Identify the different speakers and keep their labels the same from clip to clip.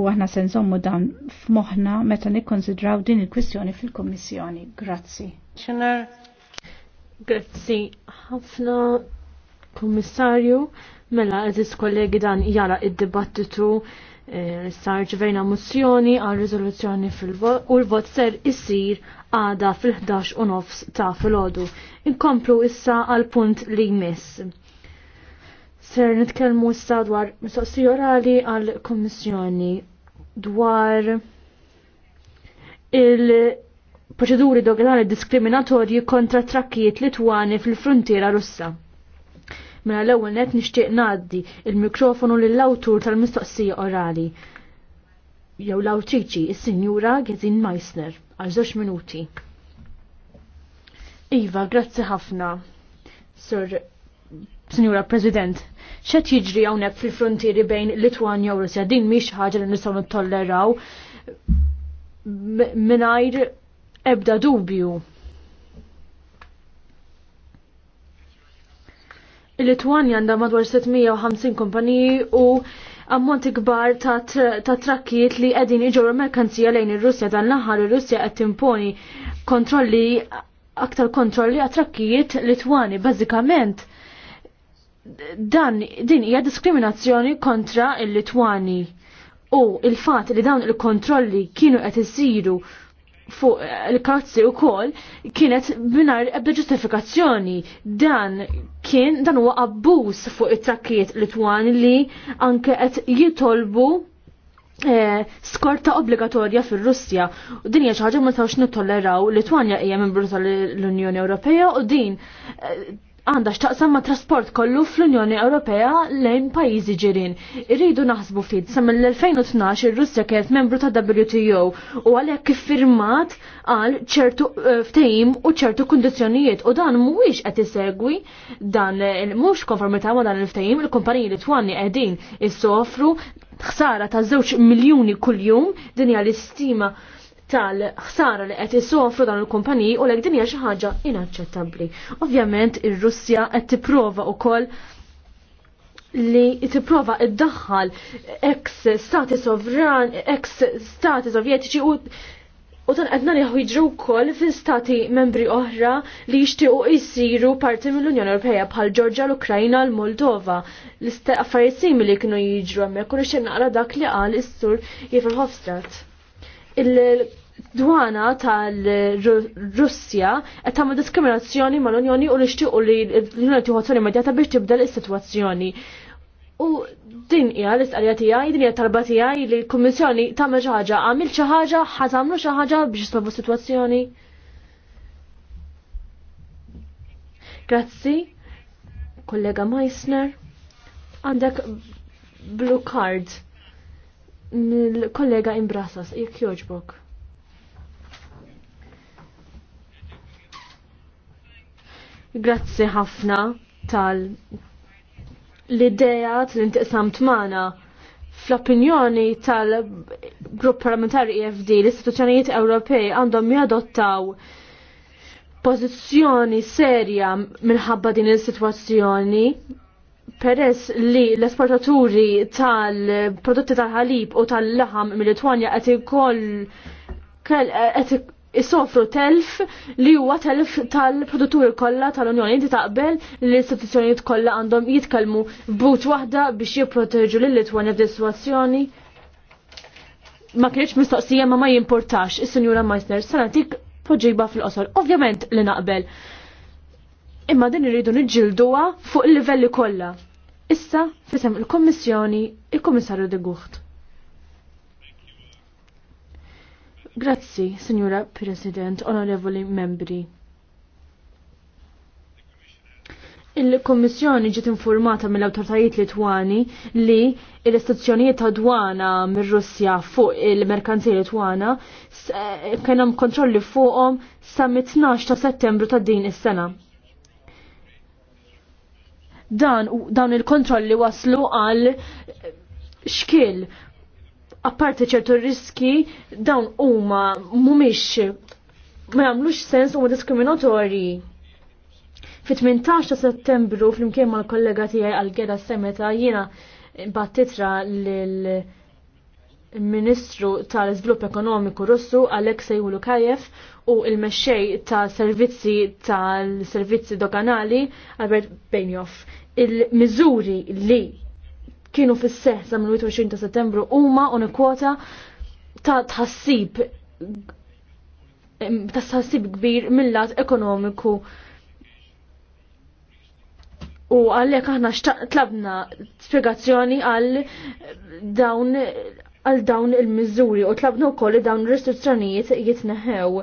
Speaker 1: u aħna se nżommu dan f'moħħna meta nikkonsidraw din il-kwistjoni fil-Kummissjoni.
Speaker 2: Grazzi. Ċenar, grazzi ħafna Kummissarju. Mela, eżis kollegi dan jara id-dibattitu e, eh, sar ġvejna mozzjoni għal riżoluzzjoni fil-vot u l-vot ser issir għada fil-11 u nofs ta' fil-ħodu. Inkomplu issa għal punt li jmiss. Ser nitkellmu issa dwar mistoqsija orali għal kummissjoni dwar il-proċeduri doganali diskriminatorji kontra trakkijiet Litwani fil-frontiera Russa. Mela l-ewwel net nixtieq ngħaddi il-mikrofonu lill-awtur tal mistoqsi orali. Jew l-awtriċi, is-Sinjura Gezin Meissner, għal żewġ minuti. Iva, grazzi ħafna. Sir Signora President, xed jiġri hawnhekk fil-frontieri bejn Litwanja u Russja din mhix ħaġa li nistgħu nittolleraw mingħajr ebda dubju. Il-Litwanja għandha madwar 650 kumpaniji u ammonti kbar ta' trakkijiet li qegħdin iġorru merkanzija lejn ir-Russja dan l-aħħar ir-Russja qed timponi kontrolli aktar kontrolli għat trakkijiet Litwani bażikament dan din hija diskriminazzjoni kontra il-Litwani u il-fat li dawn il-kontrolli kienu qed isiru fuq il karozzi u kol kienet binar ebda ġustifikazzjoni dan kien dan huwa abbuż fuq it-trakkiet Litwani li anke qed jitolbu eh, skorta obbligatorja fil-Russja u din hija xi ħaġa ma tawx nittolleraw Litwanja hija membru tal-Unjoni Ewropea u din eh, għanda x'taqsam ma' trasport kollu fl-Unjoni Ewropea lejn pajjiżi ġirien. Irridu naħsbu fid sa mill-2012 ir-Russja kienet membru ta' WTO u għalhekk iffirmat għal ċertu eh, ftejim u ċertu kundizzjonijiet u dan mhuwiex qed isegwi dan eh, mhux konformità ma' dan il-ftehim il-kumpaniji li twani qegħdin issofru ħsara ta' żewġ miljuni kuljum din hija l-istima tal-ħsara li qed isofru dan il-kumpaniji u lek din hija xi ħaġa inaċċettabbli. Ovvjament ir-Russja qed tipprova wkoll li tipprova iddaħħal ex stati sovran, ex stati sovjetiċi u u tan għedna li jħuġru wkoll fi stati membri oħra li jixtiequ jsiru parti mill-Unjoni Ewropea bħal Ġorġa l-Ukrajna l-Moldova. L-istaq affarijiet simili kienu jiġru hemmhekk u nixtieq naqra dak li qal is-sur Jifel Hofstadt dwana tal-Russja qed tagħmel diskriminazzjoni mal-Unjoni u nixtiequ li l-Unjoni tieħu immedjata biex tibdel is-sitwazzjoni. U din hija l-istqarrija tiegħi, din hija talba tiegħi li l-Kummissjoni tagħmel xi ħaġa, għamil xi ħaġa, ħażamlu xi ħaġa biex jisbabu s-sitwazzjoni. Grazzi, kollega Meissner, għandek blue card mill-kollega imbrasas, jekk joġbok. Grazzi ħafna tal l-ideja tal-intiqsam tmana fl-opinjoni tal-grupp parlamentari EFD l-istituzzjonijiet Ewropej għandhom jadottaw pożizzjoni serja minħabba din is-sitwazzjoni peress li l-esportaturi tal-prodotti tal-ħalib u tal-laħam mill-Litwanja qed ikoll qed isofru telf li huwa telf tal-produtturi kollha tal-Unjoni inti taqbel li l-istituzzjonijiet kollha għandhom jitkellmu b'but waħda biex jipproteġu lil Litwanja f'din Ma kienx mistoqsija ma ma jimportax, is-Sinjura Meissner, sanatik poġiba fil-qosor. Ovvjament li naqbel imma din irridu niġġilduha fuq il-livelli kollha. Issa fisem il-Kommissjoni il-Kommissarju de Gucht. Grazzi, Signora President, Onorevoli Membri. Il-Kommissjoni ġiet informata mill-awtoritajiet Litwani li l-istazzjonijiet ta' dwana mir-Russja fuq il-merkanzija Litwana eh, kien hemm kontrolli fuqhom sa mit-12 ta' Settembru ta' din is-sena dan dawn il-kontrolli waslu għal xkil. Apparti ċertu riski dawn huma mhumiex ma jagħmlux sens huma diskriminatorji. Fit-18 ta' settembru flimkien mal-kollega tiegħi għal-Geda Semeta jiena battitra lil ministru tal-Izvilupp Ekonomiku Russu Aleksej Ulukajev u il-mexxej tal servizzi tal-servizzi doganali Albert Benjov. Il-miżuri li kienu fis-seħ sa' 28 ta' Settembru huma unikwota ta' tħassib ta' tħassib kbir mill-lat ekonomiku U għallek aħna tlabna spiegazzjoni għal dawn għal dawn il-miżuri u tlabna wkoll li dawn ir-restrizzjonijiet jitneħew.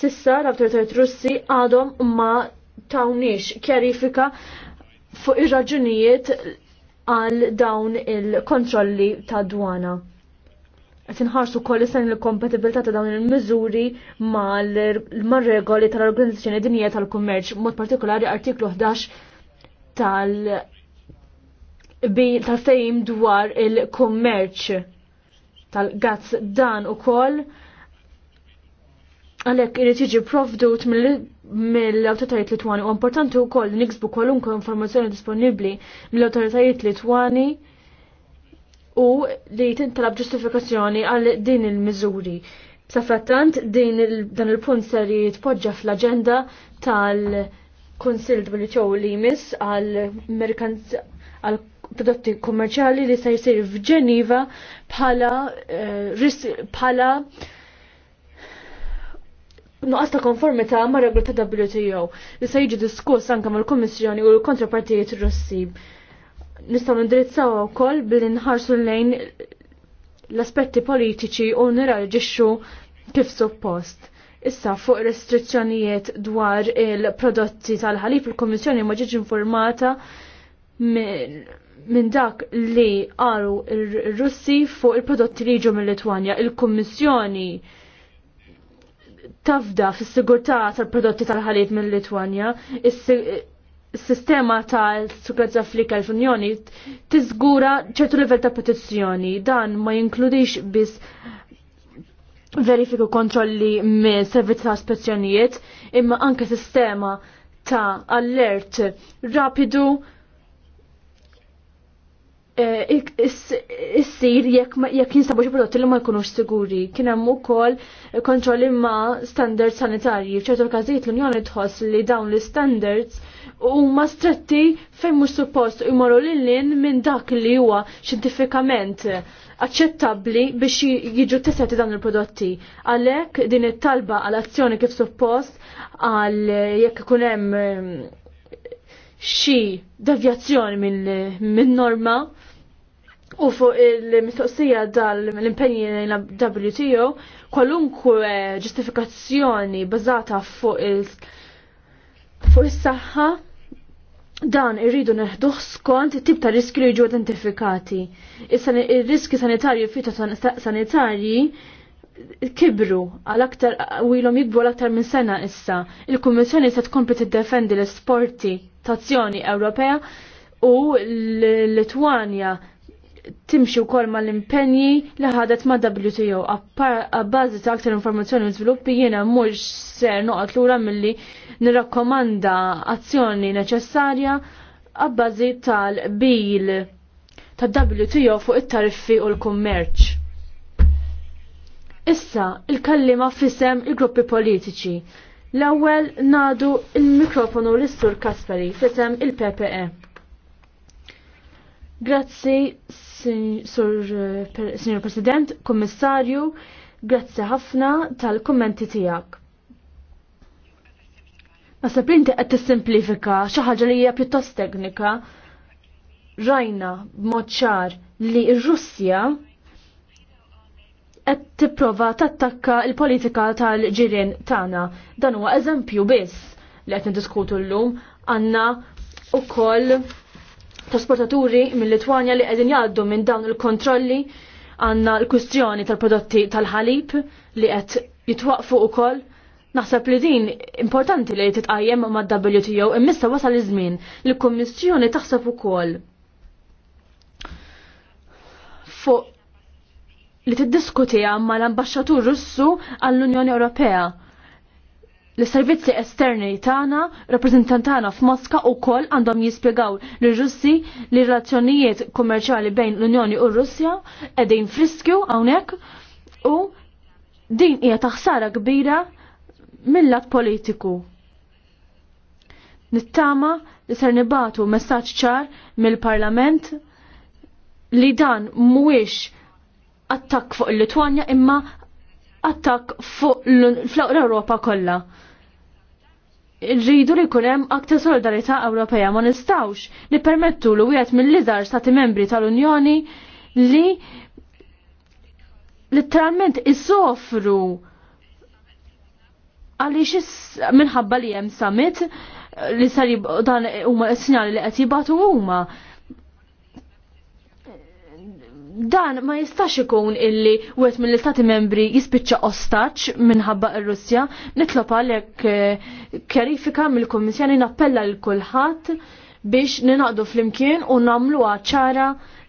Speaker 2: Sissa l autoritajt Russi għadhom ma tawniex kjarifika fuq ir-raġunijiet għal dawn il-kontrolli ta' dwana. Qed inħarsu koll isen il kompatibilta ta' dawn il-miżuri mal-regoli tal-Organizzazzjoni Dinija tal-Kummerċ, mod partikolari artiklu 11 tal- tal-fejm dwar il-kummerċ tal-gazz dan u kol għalek irrit jiġi provdut mill-autoritajiet Litwani u importanti u kol niksbu kwalunkwe informazzjoni disponibli mill-autoritajiet Litwani u li tintalab ġustifikazzjoni għal din il-miżuri. Safettant, din dan il-punt ser jitpoġġa fl-agenda tal-Konsil WTO li jmiss għal prodotti kummerċali li se jsir f'Ġeniva bħala eh, bħala nuqqas ta' konformità ma' regol ta' WTO li se jiġi diskuss anke mal-Kummissjoni u l-kontrapartijiet Russi. Nistgħu nindirizzaw wkoll billi nħarsu lejn l-aspetti politiċi u nirraġixxu kif suppost. Issa fuq restrizzjonijiet dwar il-prodotti tal-ħalib il-Kommissjoni ma ġietx informata minn dak li għaru il-Russi fuq il-prodotti li ġu mill-Litwanja. Il-Kommissjoni tafda fis sigurtà tal-prodotti tal-ħalit mill-Litwanja, il-sistema tal-sukrezza flika l-Unjoni tiżgura ċertu livell ta' protezzjoni. Dan ma jinkludix biss verifiku kontrolli me servizzi ta' spezzjonijiet, imma anke sistema ta' allert rapidu Eh, issir jekk jinsabu xi prodotti li ma jkunux siguri. Kien hemm ukoll kontrolli ma' standards sanitarji. F'ċertu każijiet l-Unjoni tħoss li dawn l-standards huma stretti fejn mhux suppost jmorru lil lin minn dak li huwa xjentifikament aċċettabbli biex jiġu tesseti dawn il-prodotti. Għalhekk din it-talba għal azzjoni kif suppost għal jekk ikun hemm eh, xi devjazzjoni minn norma U fuq il-mistoqsija dal-impenji WTO, kwalunkwe ġustifikazzjoni bazata fuq il-saħħa, dan irridu neħduħ skont it-tip ta' riski li ġu identifikati. Il-riski sanitarju fita sanitarji kibru għal aktar jilom jikbru għal aktar minn sena issa. Il-Kummissjoni se tkompli tiddefendi l-esporti tazzjoni Ewropea u l-Litwanja timxi wkoll mal-impenji li ħadet ma' WTO. Għabbażi ta' aktar informazzjoni u żviluppi jiena mhux ser noqgħod lura milli nirrakkomanda azzjoni neċessarja għabbażi tal-bil ta' WTO fuq it-tariffi u l-kummerċ. Issa, il-kallima fisem il-gruppi politiċi. L-ewwel nadu il-mikrofonu l-istur Kasperi fisem il-PPE. Grazzi, Signor President, Kommissarju, grazzi ħafna tal-kommenti tijak. Nasab inti qed tissimplifika xi ħaġa li hija pjuttost teknika. Rajna b'mod ċar li r-Russja qed tipprova tattakka l-politika tal-ġirien tagħna. Dan huwa eżempju biss li qed niddiskutu llum għandna ukoll trasportaturi mill-Litwanja li qegħdin jgħaddu minn dawn il-kontrolli għandna l-kwistjoni tal-prodotti tal-ħalib li qed jitwaqfu ukoll. Naħseb li din importanti li titqajjem ma' WTO immissa wasal iż-żmien li l-Kummissjoni taħseb ukoll fuq li tiddiskutiha mal-ambaxxatur Russu għall-Unjoni Ewropea l-servizzi esterni tagħna, rappreżentantana f'Moska wkoll għandhom jispjegaw lir russi li relazzjonijiet kummerċjali bejn l-Unjoni u r-Russja qegħdin friskju hawnhekk u din hija taħsara kbira mill-lat politiku. Nittama li ser nibatu messaġġ ċar mill-Parlament li dan mhuwiex attakk fuq il-Litwanja imma attak fuq l-Europa kollha. Rridu li kunem aktar solidarita Ewropea ma nistawx li permettu li wieħed mill-iżgħar stati membri tal-Unjoni li letteralment isofru għaliex minħabba li hemm summit li sar dan huma s-sinjali li qed jibatu huma dan ma jistax ikun illi wieħed mill-istati membri jispiċċa ostaċ minħabba r-Russja, nitlob għalek eh, kjarifika mill-Kummissjoni nappella l kulħadd biex ninaqdu flimkien u namlu ċara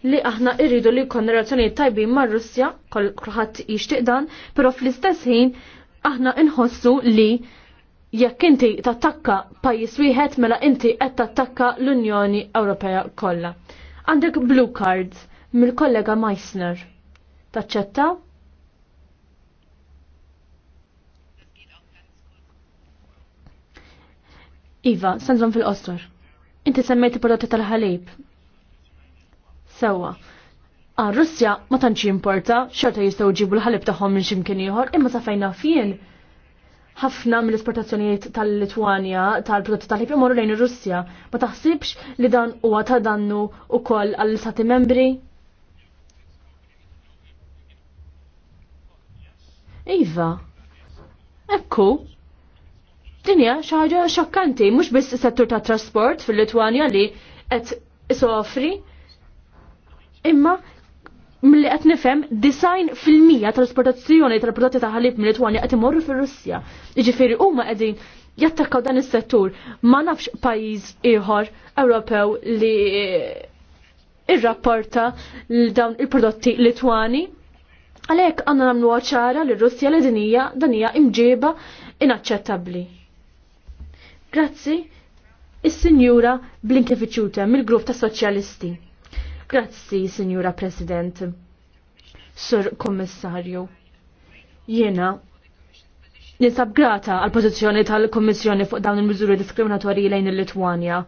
Speaker 2: li aħna irridu li kon relazzjoni tajbin mar Russja, kulħadd jixtieq dan, però fl-istess ħin aħna inħossu li jekk inti tattakka pajjiż wieħed mela inti qed tattakka l-Unjoni Ewropea kollha. Għandek blue cards mill-kollega Meissner. Taċċetta? Iva, sanżon fil-qosor. Inti semmejti prodotti tal-ħalib. Sewa. Ah, Russja ma tantx importa, xorta jistgħu jġibu l-ħalib tagħhom minn x'imkien ieħor, imma sa fejna fien. Ħafna mill-esportazzjonijiet tal-Litwanja tal-prodotti tal-ħalib imorru lejn ir-Russja. Ma taħsibx li dan huwa ta' dannu wkoll għall istati membri? Iva, ekku, dinja xaġa xokkanti, mux biss settur ta' trasport fil-Litwanja li qed isofri, imma mill-li qed nifhem design fil-mija trasportazzjoni tal-prodotti ta' ħalib mill-Litwanja qed imorru fir-Russja. Jiġifieri huma qegħdin jattakkaw dan is-settur ma nafx pajjiż ieħor Ewropew li irrapporta l dawn il-prodotti Litwani Għalhekk għanna namlu ċara li Russja li dinija danija imġiba inaċċettabbli. Grazzi, is-Sinjura Blinkeviċuta mill-Grupp ta' Soċjalisti. Grazzi, Sinjura President. Sur Kommissarju. Jiena ninsab grata għal pożizzjoni tal-Kommissjoni fuq dawn il-miżuri diskriminatorji lejn il-Litwanja.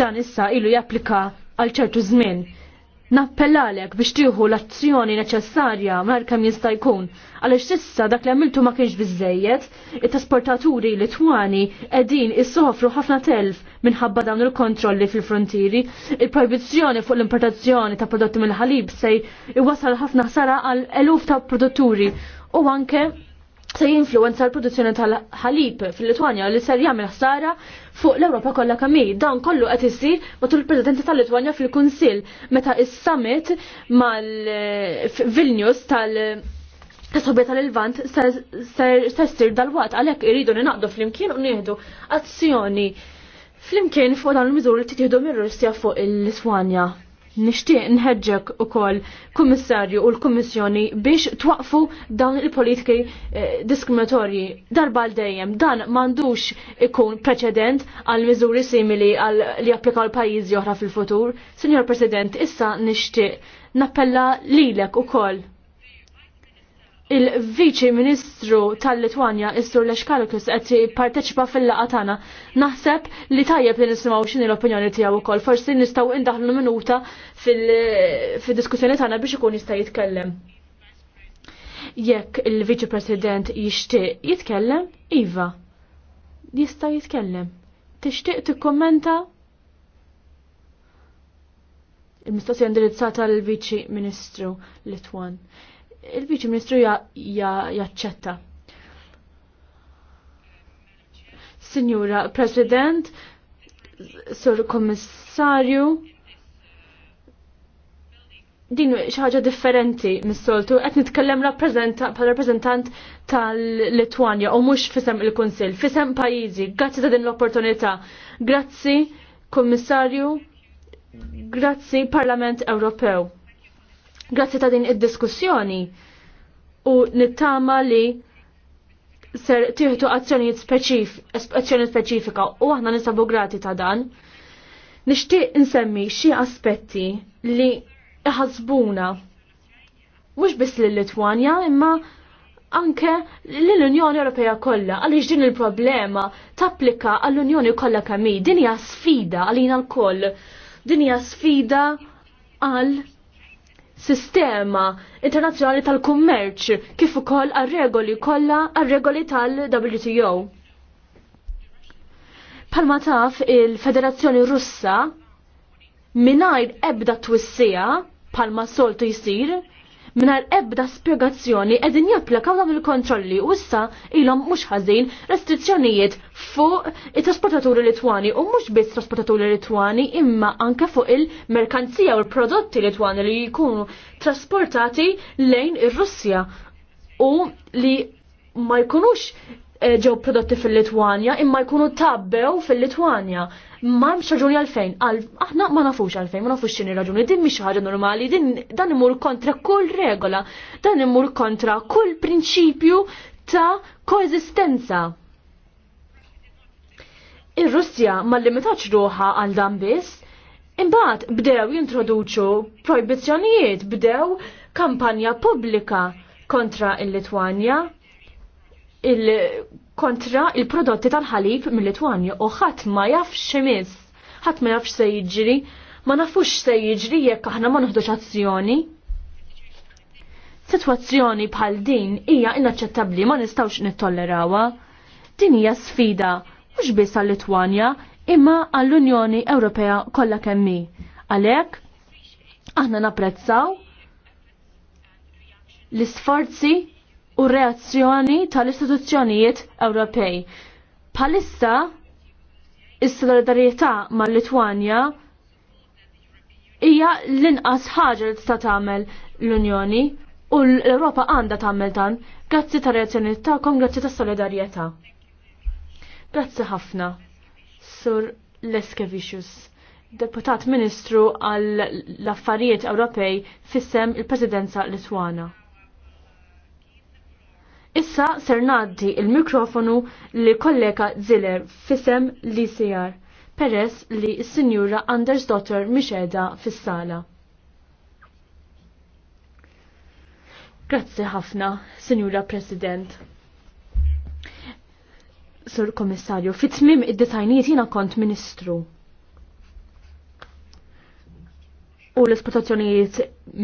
Speaker 2: Dan issa ilu japplika għal ċertu żmien Nappellalek biex tieħu l-azzjoni neċessarja mar kemm jista' jkun, għaliex sissa dak li għamiltu ma kienx biżejjed, it-trasportaturi Litwani qegħdin issofru ħafna telf minħabba dawn il-kontrolli fil-frontieri, il-proibizzjoni fuq l-importazzjoni ta' prodotti mill-ħalib se iwasal ħafna ħsara għal eluf ta' produtturi u anke se jinfluenza l-produzzjoni tal-ħalib fil-Litwanja li ser jagħmel ħsara fuq l-Ewropa kollha kemm Dan kollu qed isir matul il-Presidenti tal-Litwanja fil-Kunsill meta is-summit mal-Vilnius eh, tal- Tasħobja tal-Ilvant ser sir dal-wat għalhekk iridu ninaqdu flimkien u nieħdu azzjoni flimkien fuq dan il-miżuri li titieħdu mir-Russja fuq il-Litwanja. Nixtieq nħeġġek ukoll kummissarju u l-Kummissjoni biex twaqfu dawn il-politiki eh, diskriminatorji darba dejjem. Dan m'għandux ikun preċedent għal miżuri simili għal li applika l-pajjiżi oħra fil-futur. Senjor President, issa nixtieq nappella lilek ukoll il-Viċi Ministru tal-Litwanja, Istur Lexkalukus, qed parteċipa fil-laqa tagħna. Naħseb li tajjeb li nisimgħu x'inhi l-opinjoni tiegħu wkoll, forsi nistgħu indaħlu minuta fil-diskussjoni tagħna biex ikun jista' jitkellem. Jekk il-Viċi President jixtieq jitkellem, iva, jista' jitkellem. Tixtieq tikkommenta il-mistoqsija indirizzata l-Viċi Ministru Litwan il-Viċi Ministru jaċċetta. Signora President, Sur Kommissarju, din xaħġa differenti mis-soltu, qed nitkellem rappresentant rappreżentant tal-Litwanja u mhux fisem il-Kunsill, fisem pajjiżi. Grazzi ta' din l-opportunità. Grazzi, Kommissarju, grazzi Parlament Ewropew. Grazzi ta' din id-diskussjoni u nittama li ser tiħtu azzjonijiet speċifika u aħna nisabu grati ta' dan. Nixtieq insemmi xi aspetti li iħasbuna mhux biss li Litwanja imma anke l-Unjoni Ewropea kollha għaliex din il-problema tapplika għall-Unjoni kollha kemm hi. din hija sfida għalina l-koll. Din hija sfida għal sistema internazzjonali tal-kummerċ kif ukoll għar-regoli kollha għar-regoli tal-WTO. Palma taf il-Federazzjoni Russa minajr ebda twissija palma soltu jisir minar ebda spiegazzjoni edin japplikaw dawn il-kontrolli u issa ilhom mhux ħażin restrizzjonijiet fuq it-trasportaturi Litwani u mhux biss trasportaturi Litwani imma anke fuq il-merkanzija u l-prodotti Litwani li jkunu trasportati lejn ir-Russja u li ma jkunux Eh, ġew prodotti fil-Litwanja imma jkunu tabbew fil-Litwanja. Ma mx raġuni għalfejn. Aħna ma nafux għalfejn, ma nafux x'inhi raġuni. Din mx ħaġa normali, din dan imur kontra kull regola, dan imur kontra kull prinċipju ta' koesistenza. Ir-Russja ma limitax ruħa għal dan biss, imbagħad bdew jintroduċu projbizzjonijiet, bdew kampanja pubblika kontra il-Litwanja il-kontra il-prodotti tal-ħalib mill-Litwanja u ħadd ma jafx miss, ħadd ma jafx se jiġri, ma nafux se jiġri jekk aħna ma noħdux azzjoni. Sitwazzjoni bħal din hija inaċċettabbli ma nistgħux nittollerawha. Din hija sfida mhux biss għall-Litwanja imma għall-Unjoni Ewropea kollha kemm hi. Għalhekk aħna napprezzaw l-isforzi u reazzjoni tal-istituzzjonijiet Ewropej. Palissa is solidarjetà mal-Litwanja hija l-inqas ħaġa li tista' tagħmel l-Unjoni u l-Ewropa għandha tagħmel dan grazzi ta' reazzjoni tagħkom grazzi ta' solidarjetà. Grazzi ħafna, Sur Leskevicius, deputat Ministru għall affarijiet Ewropej fissem il-Presidenza Litwana. Issa ser naddi il-mikrofonu li kollega Ziller fisem li icr peress li s-sinjura Anders Dotter mixeda fis-sala. Grazzi ħafna, Sinjura President. Sur Komissarju, fit tmim id-detajnijiet jiena kont Ministru. U l-esportazzjonijiet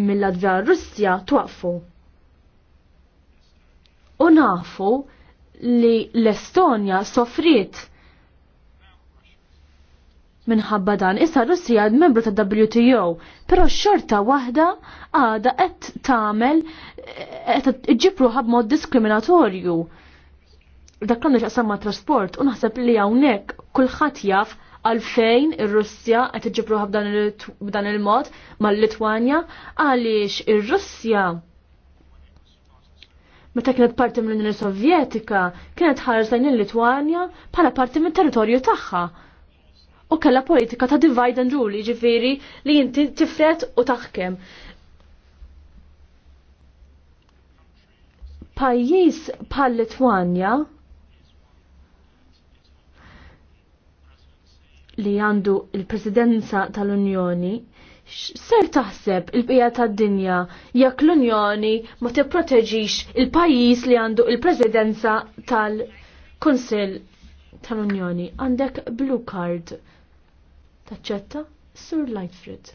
Speaker 2: mill-Latvja Russja twaqfu u nafu li l-Estonja soffriet minħabba dan. Issa Russija membru ta' WTO, però xorta waħda għada qed tagħmel qed iġibruha b'mod diskriminatorju. Dak kandu x'aqsam ma' trasport u naħseb li hawnhekk kulħadd jaf għalfejn ir-Russja qed iġibruha b'dan il-mod mal-Litwanja għaliex ir-Russja il meta kienet parti mill-Unjoni Sovjetika, kienet ħares lejn il-Litwanja bħala parti mill-territorju tagħha. U kellha politika ta' divide and rule, jiġifieri li inti tifret u taħkem. Pajjiż bħal Litwanja li għandu il-presidenza tal-Unjoni ser taħseb il-bija tad-dinja jekk l-Unjoni ma tipproteġix il-pajjiż li għandu il-Presidenza tal-Kunsill tal-Unjoni. Għandek blue card. Taċċetta? Sur Lightfrid.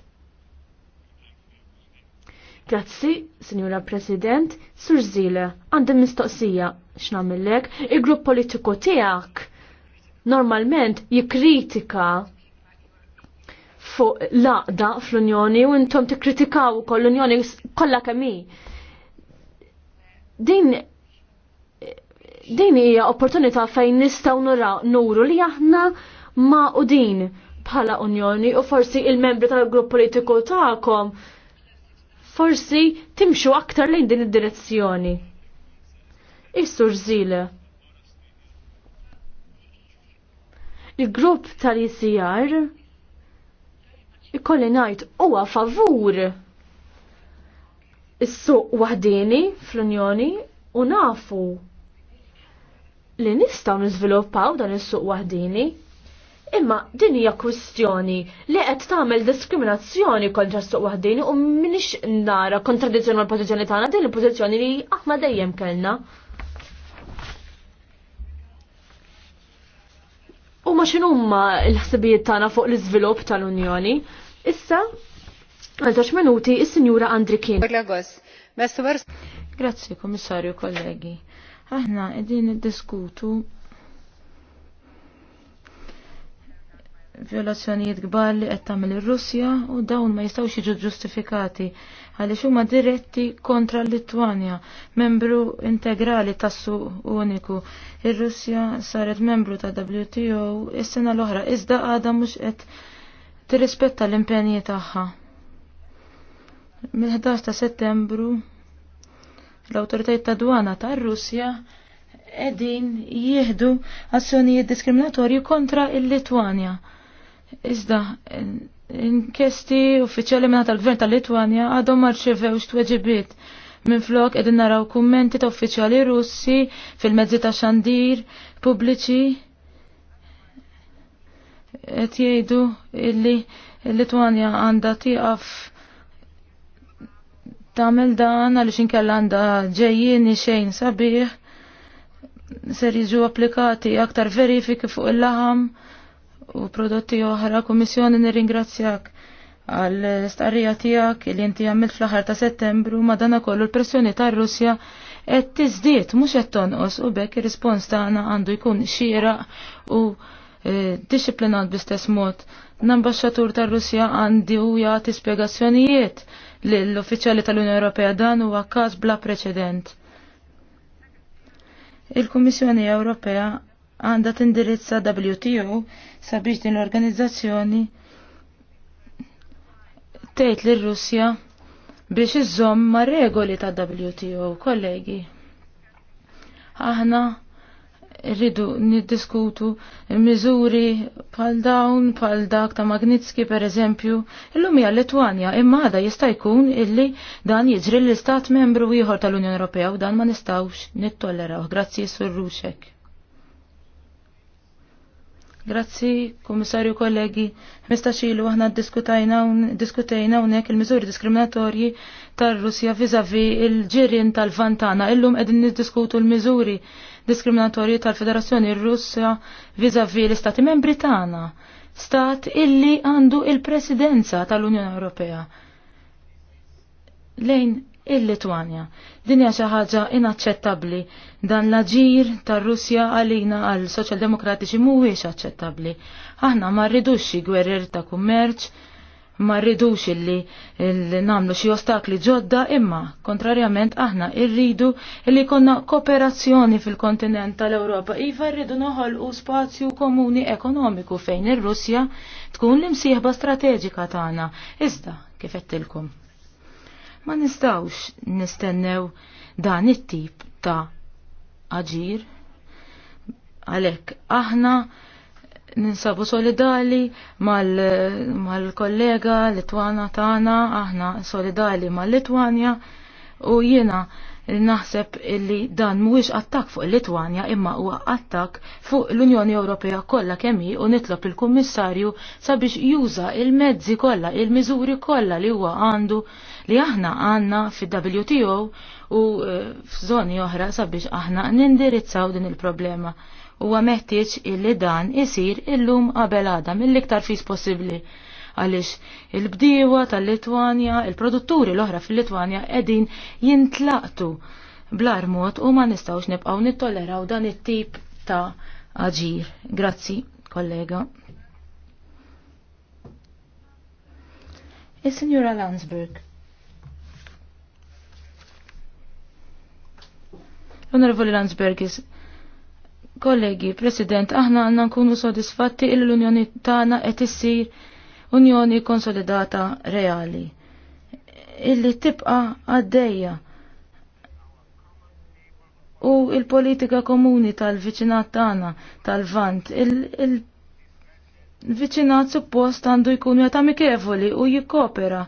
Speaker 2: Grazzi, Sinjura President, Sur Zile, għandem mistoqsija x'namillek, il-grupp politiku tiegħek normalment jikkritika fuq laqda fl-Unjoni u intom tikkritikaw ukoll l-Unjoni kollha kemm hi. Din din hija opportunità fejn nistgħu nuru li aħna ma' u din bħala Unjoni u forsi il-membri tal-grupp politiku tagħkom forsi timxu aktar lejn din id-direzzjoni. Is-Sur Il-grupp tal-ICR ikolli ngħid huwa favur is-suq waħdini fl-Unjoni u nafu li nistgħu niżviluppaw dan is-suq wahdini Imma din hija kwistjoni li qed tagħmel diskriminazzjoni kontra s-suq wahdini u minix nara kontradizzjoni mal-pożizzjoni tagħna din il-pożizzjoni li aħna dejjem kellna. u ma ma l-ħsibijiet tagħna fuq l-iżvilupp tal-Unjoni. Issa, għal minuti, is-Sinjura Andrikin. Grazzi, Komissarju, kollegi. Aħna qegħdin niddiskutu
Speaker 1: violazzjonijiet kbar li qed tagħmel ir-Russja u dawn ma jistgħux jiġu ġustifikati għaliex huma diretti kontra l-Litwanja, membru integrali tas uniku. Ir-Russja saret membru ta' WTO is-sena l-oħra iżda għadha mhux qed tirrispetta l-impenji tagħha. Mill-11 ta' Settembru l-awtoritajiet ta' dwana tar-Russja qegħdin jihdu azzjonijiet diskriminatorji kontra il-Litwanja. Iżda, inkjesti uffiċjali minna tal-gvern tal-Litwanja għadhom marċevewx tweġibiet. Minn flok qegħdin naraw kummenti ta' uffiċjali russi fil-mezzi ta' xandir pubbliċi qed jgħidu illi l-Litwanja għandha tieqaf tagħmel dan għaliex inkella għandha ġejjin xejn sabiħ ser jiġu applikati aktar verifiki fuq il-laħam u prodotti oħra. Kummissjoni nirringrazzjak għal starrija tiegħek li inti għamil fl-aħħar ta' Settembru dana kollu l-pressjoni tar-Russja qed tiżdied mhux qed tonqos u bekk ir-rispons tagħna għandu jkun xieraq u e, disciplinat bl-istess mod. L-ambasċatur tar-Russja għandi u jagħti li l-uffiċjali tal-Unjoni Ewropea dan huwa każ bla preċedent. Il-Kummissjoni Ewropea għanda tindirizza WTO sabiex din l-organizzazzjoni tgħid lir russja biex iżomm ma' regoli ta' WTO, kollegi. Aħna rridu niddiskutu miżuri pal dawn, pal dak ta' Magnitski per eżempju, illum hija Letwanja, imma għada jista' jkun illi dan jiġri l-istat membru ieħor tal-Unjoni Ewropea u dan ma nistgħux nittolleraw. Grazzi sur Ruxek. Grazzi, komissarju kollegi. mistaċilu aħna diskutajna unek il-mizuri diskriminatorji tar-Russja vizavi il-ġirin tal-Vantana. Illum edin niddiskutu l-mizuri diskriminatorji tal-Federazzjoni Russja vizavi l-Istati Membri tagħna. Stat illi għandu il-presidenza tal-Unjoni Ewropea. Lejn il-Litwanja. Din hija xi ħaġa inaċċettabbli. Dan l-aġir tar-Russja għalina għal soċjaldemokratiċi mhuwiex aċċettabbli. Aħna ma rridux xi gwerer ta' kummerċ, ma rridux illi namlu xi ostakli ġodda imma kontrarjament aħna irridu illi konna kooperazzjoni fil-kontinent tal-Ewropa iva rridu noħolqu spazju komuni ekonomiku fejn ir-Russja tkun l-imsieħba strateġika tagħna. Iżda kif qedtilkom. Ma nistawx nistennew dan it-tip ta' aġir. Għalek, aħna ninsabu solidali mal-kollega mal Litwana tana, aħna solidali mal litwania u jiena naħseb illi dan mhuwiex attak fuq il-Litwanja imma huwa attak fuq l-Unjoni Ewropea kollha kemm hi u nitlob il-Kummissarju sabiex juża il-mezzi kollha, il-miżuri kollha li huwa għandu li aħna għandna fid-WTO u e, f'żoni oħra sabiex aħna nindirizzaw din il-problema. Huwa meħtieġ illi dan isir illum qabel għadam, mill-iktar fis possibbli għaliex il-bdiewa tal-Litwanja, il-produtturi l-oħra fil-Litwanja qegħdin jintlaqtu blarmot u ma nistgħux nibqgħu nittoleraw dan it-tip ta' aġir. Grazzi, kollega. Il-Signora Landsberg. Onorevoli Landsbergis, kollegi, President, aħna għanna nkunu sodisfatti il l-Unjoni tagħna qed issir unjoni konsolidata reali illi tibqa għaddejja u il-politika komuni tal-viċinat tagħna tal-vant il-viċinat -il suppost għandu jkun jata amikevoli u jikopera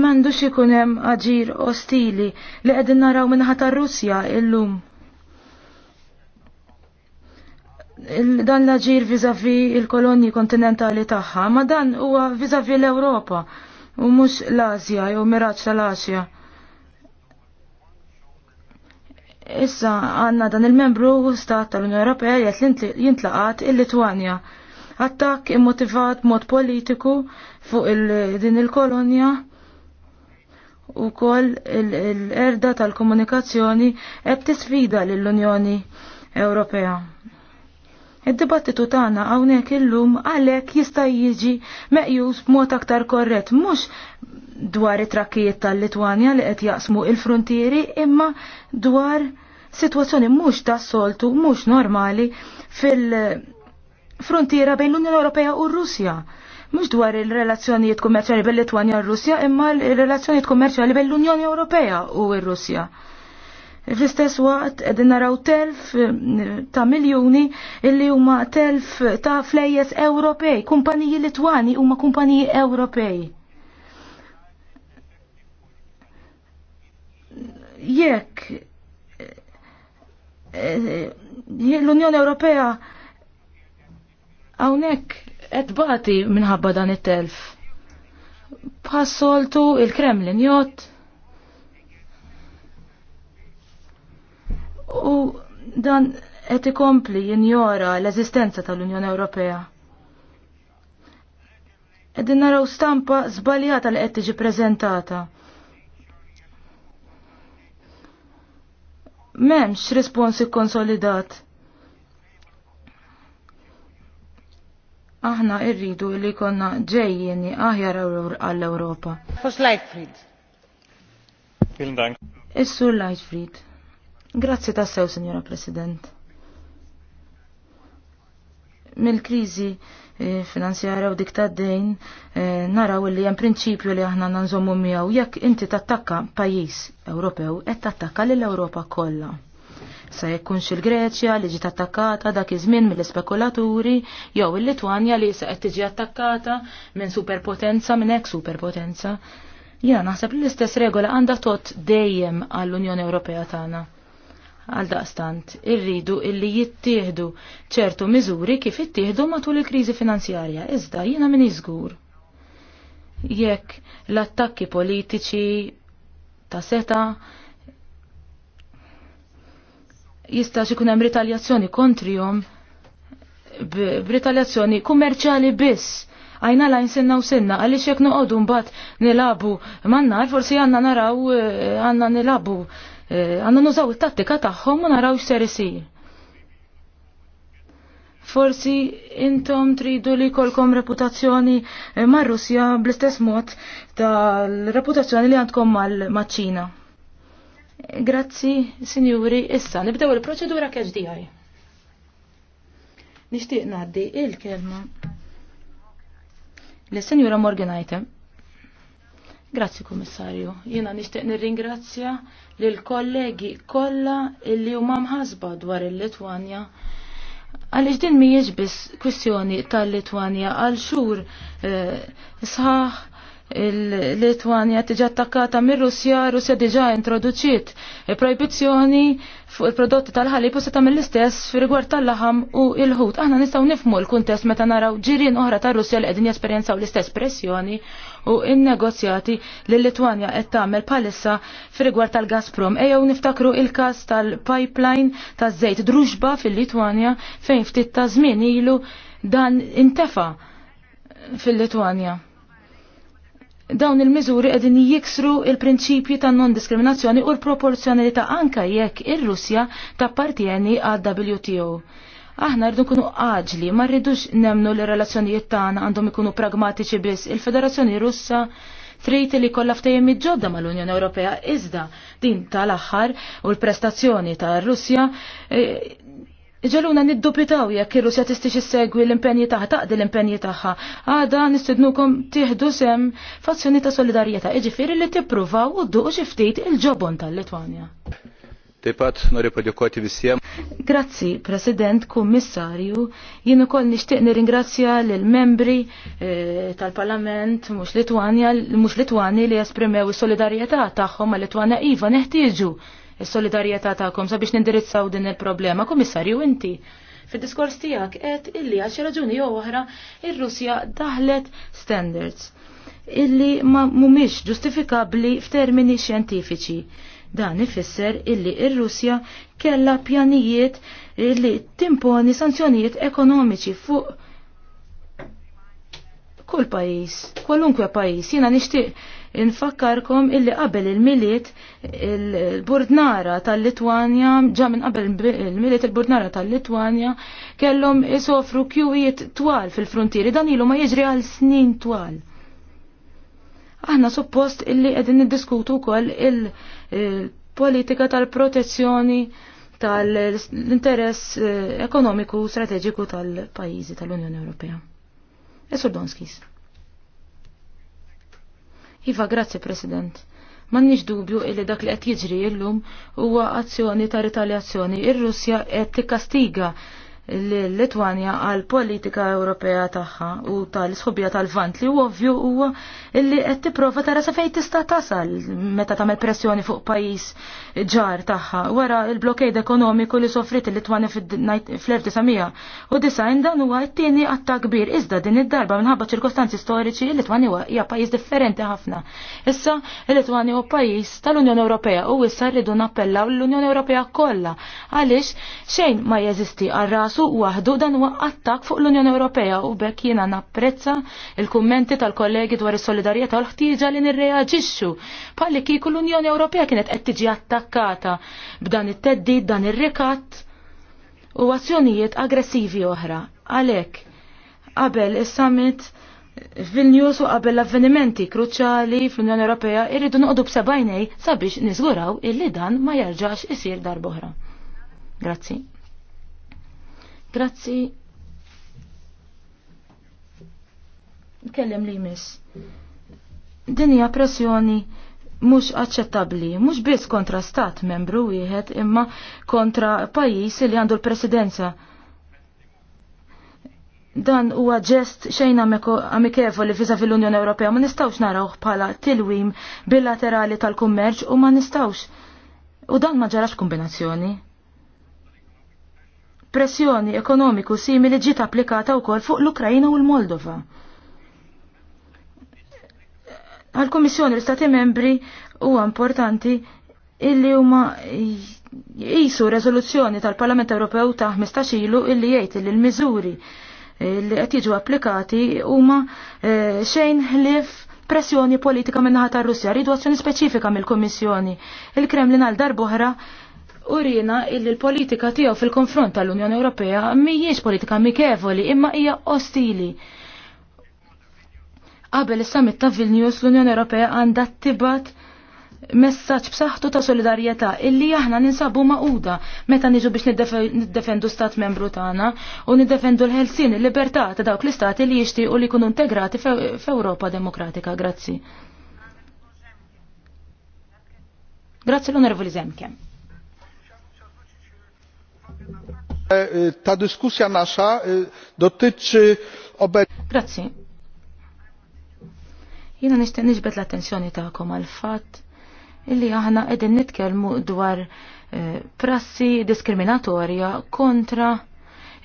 Speaker 1: mandu ikun hemm aġir ostili li qegħdin naraw minħata Russja illum. dan l-ġir vizavi il-kolonji kontinentali tagħha, ma dan huwa vizavi l-Ewropa u mhux l azja jew miraġġ tal-Asja. Issa għanna dan il-membru stat tal-Unjoni Ewropea jgħid jintlaqat il-Litwanja. Attak immotivat mod politiku fuq il din il-kolonja u kol l-erda tal-komunikazzjoni qed tisfida lill-Unjoni Ewropea. Id-dibattitu tagħna hawnhekk illum għalhekk jista' jiġi meqjus b'mod aktar korrett mhux dwar it-trakkijiet tal-Litwanja li qed jaqsmu il-frontieri imma dwar sitwazzjoni mhux tas-soltu mhux normali fil-frontiera bejn l-Unjoni Ewropea u r-Russja. Mhux dwar il-relazzjonijiet kummerċjali bil-Litwanja u r-Russja imma l-relazzjonijiet kummerċjali bejn l-Unjoni Ewropea u r-Russja. Fl-istess waqt qegħdin naraw telf eh, ta' miljuni illi huma telf ta' flejjes Ewropej, kumpaniji Litwani huma kumpaniji Ewropej. Jekk
Speaker 2: eh,
Speaker 1: eh, l-Unjoni Ewropea hawnhekk qed bati minħabba dan it-telf. Passoltu il-Kremlin jott U dan qed ikompli jinjora l-eżistenza tal-Unjoni Ewropea. Qegħdin naraw stampa żbaljata li qed tiġi preżentata. M'hemmx respons konsolidat. Aħna rridu li konna ġejjeni aħjar għall-Ewropa. Fos Lightfried. Is-Sur Lightfried. Grazzi tassew, Signora President. Mill-krizi eh, finanzjara u dik dejn eh, naraw li hemm prinċipju li aħna nanżommu miegħu jekk inti tattakka pajjiż Ewropew qed tattakka lil Ewropa kollha. Sa jekkunx il-Greċja li ġiet attakkata dak iż-żmien mill-ispekulaturi jew il-Litwanja li se qed tiġi attakkata minn superpotenza minn hekk superpotenza. Jiena naħseb li l-istess regola għandha tot dejjem għall-Unjoni Ewropea tagħna. Għal daqstant, irridu illi jittieħdu ċertu miżuri kif ittieħdu matul il-kriżi finanzjarja, iżda jiena min iżgur. Jekk l-attakki politiċi ta' seta' jista' ikun hemm ritaljazzjoni kontrihom b'ritaljazzjoni kummerċjali biss. Għajna lajn sinna u sinna, għaliex jekk noqogħdu mbagħad nilabu man-nar, forsi għandna naraw eh, għandna nilabu Eh, għanna nużaw it-tattika tagħhom u naraw x'ser isir. Forsi intom tridu li kolkom reputazzjoni eh, ma' Russja bl-istess mod tal-reputazzjoni li għandkom mal-ċina. Grazzi, sinjuri, issa nibdew il-proċedura di għaj. Nishtiq naddi il-kelma. signora Morgan Morganajte. Grazzi Kummissarju. Jiena nixtieq nirringrazzja lil kollegi kollha illi huma mħasba dwar il-Litwanja. Għaliex din mhijiex biss kwistjoni tal-Litwanja għal xhur eh, sħaħ il-Litwanja tiġa attakkata mir russja Russja diġa introduċiet proibizzjoni fuq il-prodotti tal-ħalib u se tagħmel l-istess rigward tal-laħam u il-ħut. Aħna nistgħu nifmu l-kuntest meta naraw ġirien oħra tar-Russja li qegħdin jesperjenzaw l-istess pressjoni u in-negozjati li Litwanja qed tagħmel bħalissa fir-rigward tal-Gazprom. Ejjew niftakru il-każ tal-pipeline taż-żejt druxba fil-Litwanja fejn ftit ta' żmien ilu dan intefa' fil-Litwanja dawn il-miżuri qegħdin jiksru il-prinċipju ta' non-diskriminazzjoni u l-proporzjonalità anka jekk ir-Russja tappartieni għad WTO. Aħna rridu nkunu aġli, ma rridux nemnu li relazzjonijiet tagħna għandhom ikunu pragmatiċi biss. Il-Federazzjoni Russa trid li kollha ftehim ġodda mal-Unjoni Ewropea iżda din tal-aħħar u l-prestazzjoni tar-Russja eh, Ġaluna niddubitaw jekk kirru se tistix issegwi l-impenji tagħha taqdi l-impenji tagħha. Għada nistednukom tieħdu sem fazzjoni ta' solidarjetà, jiġifieri li tippruvaw u ddu xi ftit il-ġobon tal-Litwanja. Tipat, nori podjokoti padėkoti Grazzi, President, Kummissarju. Jien ukoll nixtieq nirringrazzja lill membri eh, tal-Parlament mhux Litwanja, mhux Litwani li jasprimew is-solidarjetà tagħhom ma' Litwana iva neħtieġu is-solidarjetà tagħkom sabiex nindirizzaw din il-problema. komissarju inti fid-diskors tiegħek et illi għal xi raġuni jo oħra ir-Russja daħlet standards illi ma mhumiex ġustifikabbli f'termini xjentifiċi. Dan ifisser illi ir-Russja kellha pjanijiet illi timponi sanzjonijiet ekonomiċi fuq kull pajis, kwalunkwe pajis, jina nishtiq Infakkarkom illi qabel il-miliet il-Burdnara tal-Litwanja, ġa minn qabel il-miliet il-Burdnara tal-Litwanja, kellhom isofru kjuwiet twal fil-frontieri, dan ilu ma jiġri għal snin twal. Aħna suppost illi qegħdin niddiskutu wkoll il-politika eh, tal-protezzjoni tal-interess eh, ekonomiku strateġiku tal-pajjiżi tal-Unjoni Ewropea. Esur Donskis. Iva, grazzi, President. Mannix dubju illi dak li qed jiġri illum huwa azzjoni ta' ritaljazzjoni. Ir-Russja qed tikkastiga l-Litwanja għal politika Ewropea tagħha u tal-sħobija tal-Vant li ovvju huwa li qed tipprova tara sa fejn tista' tasal meta tagħmel pressjoni fuq pajjiż ġar tagħha wara l-blokkejt ekonomiku li soffrit il-Litwanja fl-1990 dan huwa t-tieni attak kbir iżda din id-darba minħabba ċirkostanzi storiċi il-Litwanja hija pajjiż differenti ħafna. Issa il-Litwanja huwa pajjiż tal-Unjoni Ewropea u issa rridu nappellaw l-Unjoni Ewropea kollha għaliex xejn ma jeżisti għal ras suq waħdu dan huwa attak fuq l-Unjoni Ewropea u bekk jiena napprezza il-kummenti tal-kollegi dwar is-solidarjetà u l-ħtieġa li nirreaġixxu bħalli kieku l-Unjoni Ewropea kienet qed tiġi attakkata b'dan it-teddid dan ir rikatt u azzjonijiet aggressivi oħra. Għalhekk qabel is-summit Vilnius u qabel l-avvenimenti kruċali fl-Unjoni Ewropea irridu noqdu b'sebajnej sabiex niżguraw illi dan ma jerġax isir darbohra. Grazzi. Grazzi. Nkellem li jmiss. Din hija pressjoni mhux aċċettabbli, mhux biss kontra stat membru wieħed imma kontra pajis li għandu l-presidenza. Dan huwa ġest xejn amikevoli fiża fil-Unjoni Ewropea ma nistgħux narawh bħala tilwim bilaterali tal-kummerċ u ma nistgħux. U dan ma ġarax kombinazzjoni pressjoni ekonomiku simili ġiet applikata wkoll fuq l ukrajina u l-Moldova. Għal-Komissjoni l-Stati membri huwa importanti illi huma jisu rezoluzzjoni tal-Parlament Ewropew ta' 15 ilu illi jgħid li l-miżuri li qed jiġu applikati huma eh, xejn ħlief pressjoni politika minnaħa tar-Russja, ridu azzjoni speċifika mill-Kummissjoni. Il-Kremlin għal darbohra oħra u rina illi l-politika tiegħu fil-konfront tal-Unjoni Ewropea mhijiex politika mikevoli imma hija ostili. Qabel is-summit ta' Vilnius l-Unjoni Ewropea għandha tibat messaġġ b'saħħtu ta' solidarjetà illi aħna ninsabu maquda meta niġu biex niddefendu stat membru tagħna u niddefendu l-ħelsien il-libertà ta' dawk l-istati li jixtiequ li jkunu integrati f'Ewropa Demokratika. Grazzi. Grazzi l-Onorevoli Zemke. E, e, ta dyskusja nasza e, dotyczy Grazzi. Jiena nixtieq niġbed l-attenzjoni tagħkom għal fatt illi aħna qegħdin nitkellmu dwar prassi diskriminatorja kontra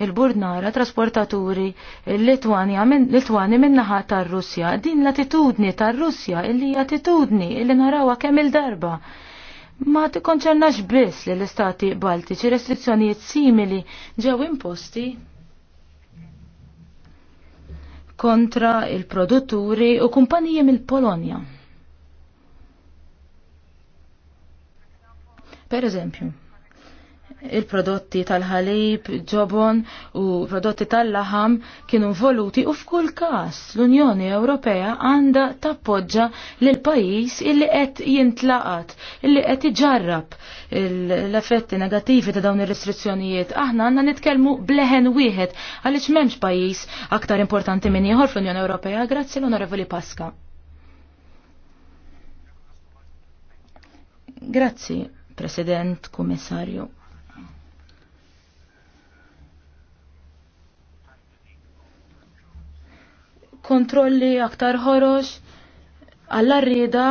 Speaker 1: il-burnara trasportaturi Litwani minnaħa tar-Russja. Din l-attitudni tar-Russja illi attitudni illi narawha kemm il-darba ma konċernax biss li l-istati baltiċi restrizzjonijiet simili ġew imposti kontra il-produtturi u kumpaniji mill-Polonja. Per eżempju, il-prodotti tal-ħalib, ġobon u prodotti tal-laħam kienu voluti u f'kull każ l-Unjoni Ewropea għandha tappoġġa lil pajjiż illi qed jintlaqat, illi qed iġarrab l-effetti negattivi ta' dawn ir-restrizzjonijiet. Aħna għandna nitkellmu bleħen wieħed għaliex m'hemmx pajjiż aktar importanti minn ieħor fl-Unjoni Ewropea. Grazzi l-Onorevoli Pasqa. Grazzi, President, Kummissarju. kontrolli aktar ħorox għall arrida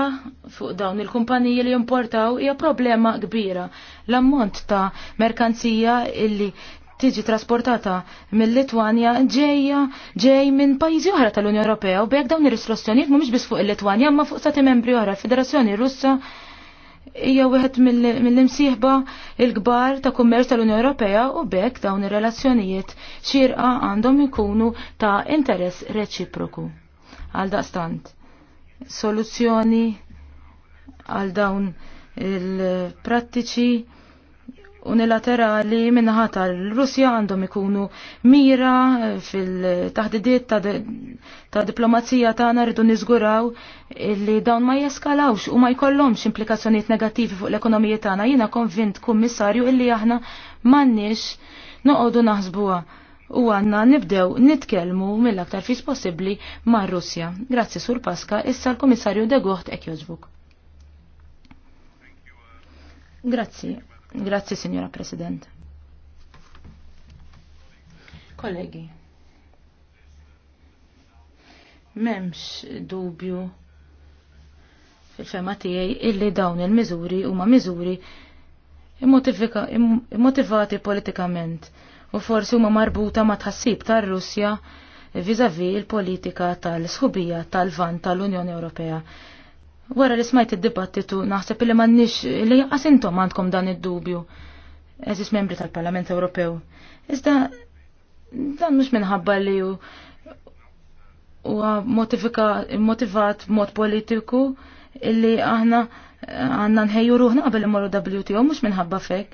Speaker 1: fuq dawn il-kumpaniji li jimportaw hija problema kbira. L-ammont ta' merkanzija illi tiġi trasportata mill-Litwanja ġejja ġej minn pajjiżi oħra tal-Unjoni Ewropea u bejk dawn ir-ristruzzjonijiet mhumiex biss fuq il-Litwanja imma fuq stati membri oħra. Federazzjoni Russa hija wieħed mill-imsieħba l-kbar ta' kummerċ tal-Unjoni Ewropea u bekk dawn ir-relazzjonijiet xirqa għandhom ikunu ta' interess reċiproku. Għal daqstant, soluzzjoni għal dawn il-prattiċi unilaterali minnaħa l russja għandhom ikunu mira fil-taħdidiet ta', ta diplomazija tagħna rridu niżguraw li dawn ma jeskalawx u ma jkollhomx implikazzjonijiet negattivi fuq l-ekonomija tagħna. Jiena konvint kummissarju illi aħna m'għandniex noqogħdu naħsbuha u għanna nibdew nitkelmu mill-aktar fis possibbli ma' Russja. Grazzi Sur Paska, issa l-Komissarju de Gocht ek Grazzi. Grazzi, Signora President. Kollegi, memx dubju fil-fema tiegħi illi dawn il u huma miżuri immotivati politikament u forsi huma marbuta ma' tħassib tar-Russja vizavi il-politika tal-sħubija tal-van tal-Unjoni Ewropea. Wara li smajt id-dibattitu naħseb li m'għandniex li jaqasintom għandkom dan id-dubju eżis membri tal-Parlament Ewropew. Iżda dan mhux minħabba li huwa motivat mod politiku illi aħna għandna nħejju ruħna qabel imorru WTO mhux minħabba fek.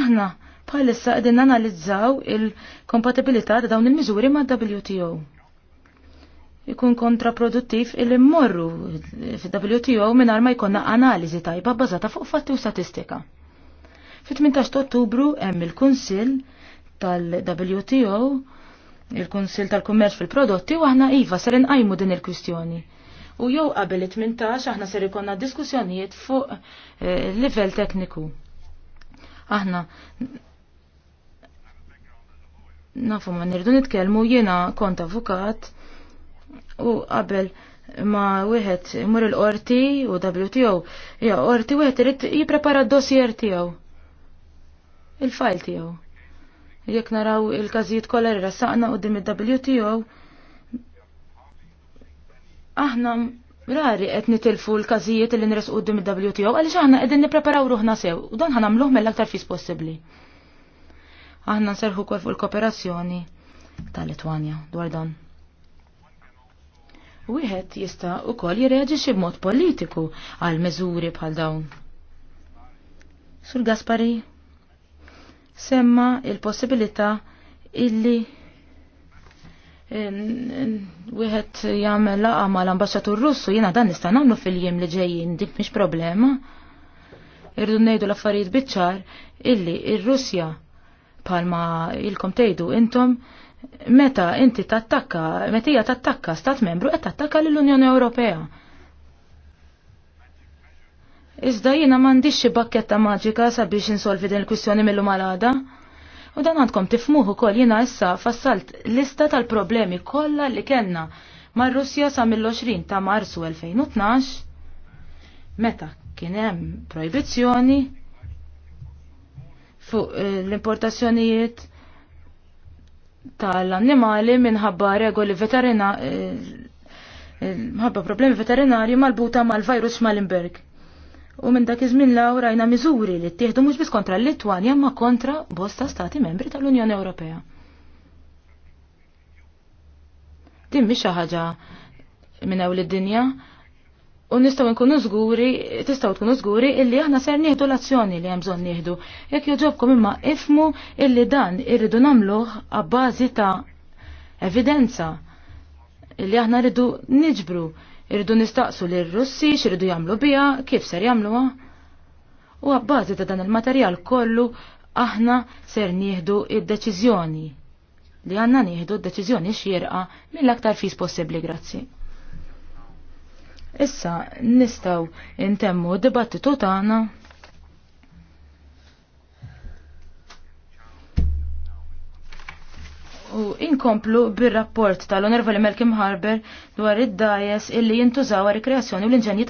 Speaker 1: Aħna bħalissa qegħdin analizzaw il-kompatibilità ta' dawn il-miżuri ma' WTO ikun kontraproduttiv illi mmorru fil-WTO minar ma jkonna analizi tajba bazata fuq fatti u statistika. Fit-18 ottubru hemm il-Kunsill tal-WTO, il-Kunsill tal-Kummerċ fil-Prodotti u aħna iva ser inqajmu din il-kwistjoni. U jew qabel 18 aħna ser ikonna diskussjonijiet fuq eh, livell tekniku. Aħna nafu ma nirdu nitkellmu jiena kont avukat u qabel ma wieħed imur il-qorti u WTO, ja qorti wieħed irid jipprepara d-dossier tiegħu. Il-fajl tiegħu. Jekk naraw il-każijiet kollha li rassaqna qudiem il-WTO, aħna rari qed nitilfu l-każijiet li nresqu qudiem il-WTO għaliex aħna qegħdin nippreparaw ruħna sew u dan ħanamluh mill-aktar fis possibbli. Aħna nserħu kol fuq il-kooperazzjoni tal-Litwanja dwar dan wieħed jista' ukoll xi b'mod politiku għal miżuri bħal dawn. Sur Gaspari semma il-possibilità illi wieħed jagħmel laqa mal-ambaxxatur Russu jiena dan nista' nagħmlu fil-jiem li ġejjin dik mhix problema. Irdu ngħidu l-affarijiet biċ-ċar illi ir-Russja il ilkom tgħidu intom Meta inti tattakka, meta hija tattakka stat membru qed tattakka lill-Unjoni Ewropea. Iżda jiena m'għandix xi bakketta maġika sabiex insolvi din il-kwistjoni mill malada. U dan għandkom tifmuħu kol jina issa fassalt lista tal-problemi kollha li kellna mar russja sa mill-20 ta' Marsu 2012 meta kien hemm proibizzjoni fuq eh, l-importazzjonijiet tal-annimali minħabba regoli veterinari eh, eh, minħabba problemi veterinari malbuta mal-virus Malinberg. U minn dak iż-żmien law rajna miżuri li ttieħdu mhux biss kontra l-Litwanja ma kontra bosta stati membri tal-Unjoni Ewropea. Din mhix xi ħaġa minn hawn id-dinja U nistaw nkunu żguri, tistgħu tkunu żguri illi aħna ser nieħdu l-azzjoni li hemm bżonn nieħdu. Jekk joġobkom imma ifmu illi dan irridu nagħmluh għabbażi ta' evidenza illi aħna rridu niġbru, rridu nistaqsu lir russi xirridu jagħmlu biha, kif ser jagħmluha. U għabbażi ta' dan il-materjal kollu aħna ser nieħdu id-deċiżjoni li għanna nieħdu d-deċiżjoni xierqa mill-aktar fis possibbli, grazzi. Issa nistaw intemmu dibattitu tagħna u inkomplu bir-rapport tal-Onervali Malcolm Harber dwar id-dajes illi jintużaw rikreazzjoni rekreazzjoni u l-inġenji